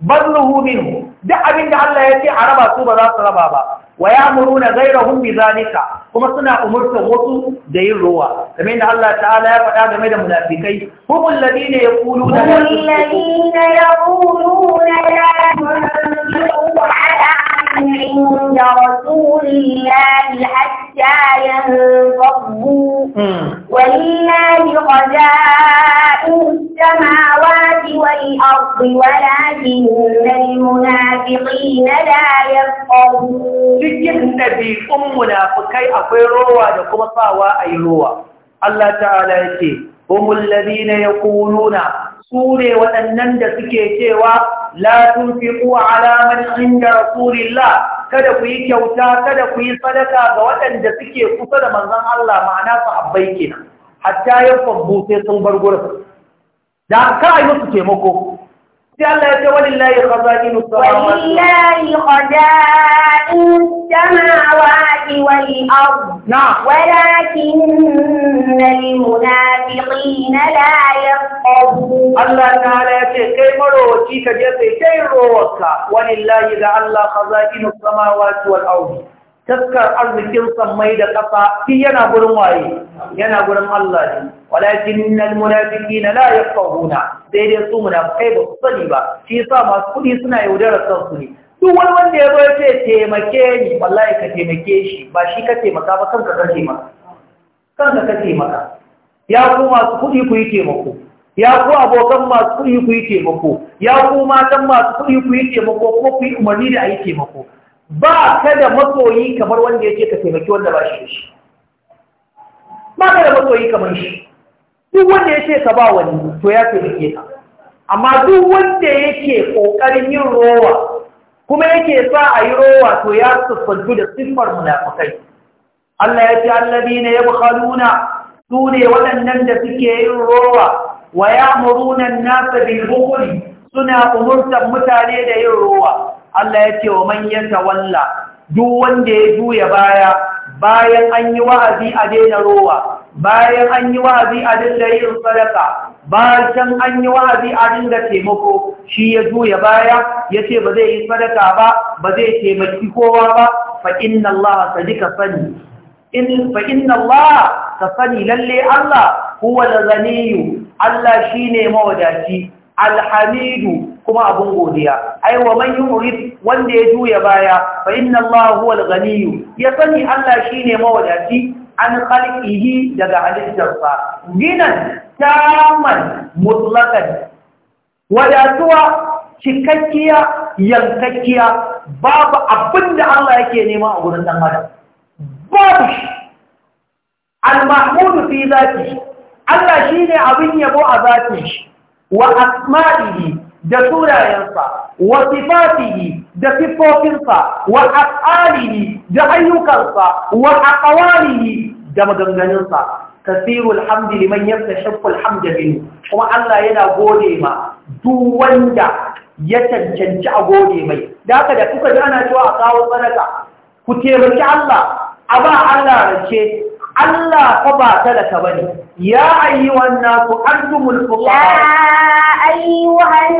balluhu minhu duk abin da Allah ya ce a raba su ba za su raba ba ويأمرون غيرهم بذلك كما صنع أمر تغوط دير روى فمين الله تعالى يقول هذا ماذا منافقي هم الذين يقولون هم الذين يقولون لا ينفعوا على عن عند رسول الله حتى ينفضوا ولله خزائن السماوات والأرض ولكن المنافقين لا يفقهون cikin ɗabi'un munafukai akwai rowa da kuma sawa a yi rowa. Allah ta'ala ya ce, "Humul na ya kununa su ne waɗannan da suke cewa "Latun tunfiqu ala man inda rasulillah kada ku yi kyauta kada ku yi sadaka ga waɗanda suke kusa da manzon Allah ma'ana su kenan hatta yan fabbu sai sun bar gurin da ka yi musu taimako ولله خزائن السماوات والأرض نعم ولكن المنافقين لا يفقهون الله تعالى كي مروتي كجسي كي روكا ولله لعل خزائن السماوات والأرض taskar arzikin sammai da ƙasa shi yana gurin waye yana gurin Allah ne walakin nal na la yafqahuna sai dai su kai ba su sani ba shi yasa masu kuɗi suna yaudarar su ne duk wani wanda ya zo ya ce taimake ni wallahi ka taimake shi ba shi ka taimaka ba kanka ka taimaka kanka ka taimaka ya ku masu kuɗi ku yi taimako ya ku abokan masu kuɗi ku yi taimako ya ku matan masu kuɗi ku yi taimako ko ku yi umarni da a yi taimako ba ka da masoyi kamar wanda ya ce ka taimaki wanda ba shi shi ba ka da masoyi kamar shi duk wanda ya ce ka ba wani to ya taimake ka amma duk wanda yake ƙoƙarin yin rowa kuma yake sa a yi rowa to ya siffantu da siffar munafukai Allah ya ce allabi ne ya bukhaluna su ne waɗannan da suke yin rowa wa ya muruna nasa bil suna umurtar mutane da yin rowa Allah ya ce wa man tawalla duk wanda ya juya baya bayan an yi wa'azi a daina rowa bayan an yi wa'azi a dinga yin sadaka bayan an yi wa'azi a dinga taimako shi ya juya baya ya ce ba zai yi sadaka ba ba zai taimaki kowa ba fa inna Allah sadika sani in fa inna Allah ka sani lalle Allah huwa al-ghaniyu Allah shine mawadaci alhamidu kuma abun godiya ai wa man yurid wanda ya juya baya fa inna huwa al ya sani Allah shine mawadaci an khalqihi daga halittarsa ginan taman mutlaqan wadatuwa cikakkiya yankakkiya babu abinda Allah yake nema a gurin dan adam babu al-mahmud fi zati Allah shine abin yabo a zatin shi wa asma'ihi da sunayensa wa sifatihi da sifofinsa wa af'alihi da ayyukansa wa aqwalihi da maganganunsa kasirul hamdi liman yastashqu alhamdu bihi kuma Allah yana gode ma duk wanda ya cancanci a gode mai da haka da kuka ji ana cewa a kawo sadaka ku taimaki Allah a ba Allah rance Allah fa ba talaka bane ya ayyuhan nasu antumul fuqara ya ayyuhan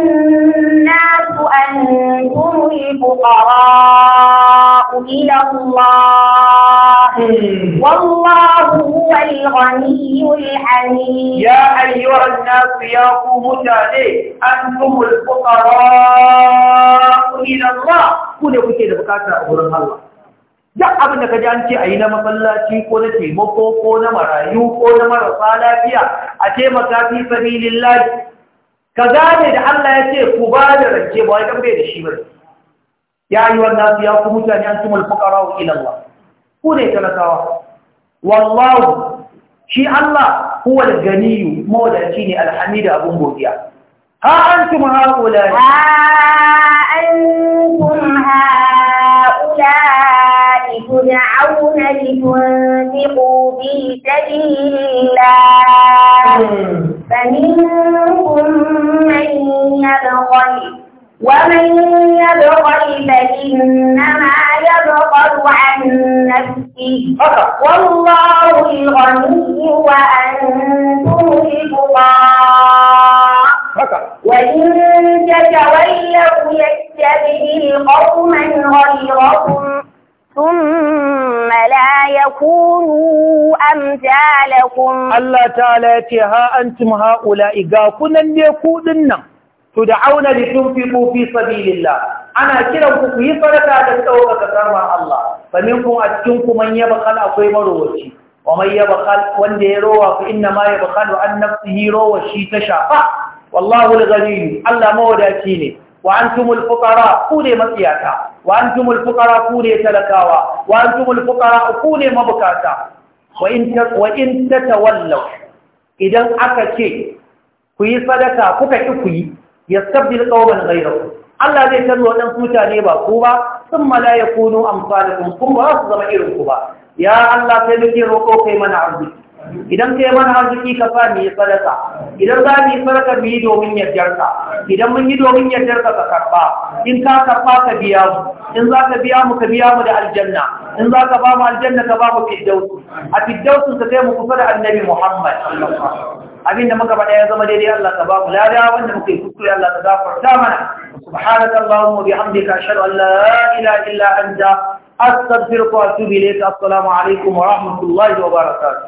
nasu antumul fuqara ila Allah hmm. wallahu huwal ghaniyyul hamid ya ayyuhan nasu ya ku mutane ila Allah ku da kuke da bukata a wurin Allah duk abin da ka ji an ce a yi na masallaci ko na taimako ko na marayu ko na marasa lafiya a taimaka fi sabilin ka gane da Allah ya ce ku ba da rance ba wai kan bai da shi ba ya yi wannan ya ku mutane an tumul fuqara wa ila Allah ku ne talakawa wallahu shi Allah huwa al-ganiyyu mawdaci ne al-hamid abun godiya ha antum haula ha antum ha تسعون لتنفقوا في سبيل الله فمنكم من يبغي ومن يبغي فإنما يبخل عن نفسه والله الغني وأنتم الفقراء وإن تتولوا يستبدل قوما غيركم ثم لا يكونوا أمثالكم الله تعالى ها أنتم هؤلاء قاكنا ليكودنا تدعون لتنفقوا في سبيل الله أنا كلا في صدقة تستوى كتابة الله فمنكم أتكنكم من يبخل أقوي مروشي ومن يبخل وان يروى فإنما يبخل عن نفسه روى الشيء تشافى والله الغني الله موداتيني wa antumul fuqara matsiyata wa antumul fuqara talakawa wa antumul fuqara mabukata wa in wa in idan aka ce kuyi sadaka kuka ki ku yi yastabdil qawman ghayrakum Allah zai kallo dan mutane ba ku ba sun malaya kunu amsalikum kun ba su zama irin ku ba ya Allah sai muke roƙo kai mana arziki idan kai mana arziki ka sa mu yi sadaka idan za mu yi sadaka mi yi domin yardarka idan mun yi domin yardarka ka karba in ka karba ka biya mu in za ka biya mu ka biya mu da aljanna in za ka ba mu aljanna ka ba mu fiddausu a fiddausu ka kai mu kusa da annabi muhammad abinda muka faɗa ya zama daidai Allah ka ba mu lada wanda muka yi kuskure Allah ka gafarta mana subhanakallahumma wa bihamdika ashhadu an la ilaha illa anta astaghfiruka wa atubu ilayka assalamu alaikum wa rahmatullahi wa barakatuh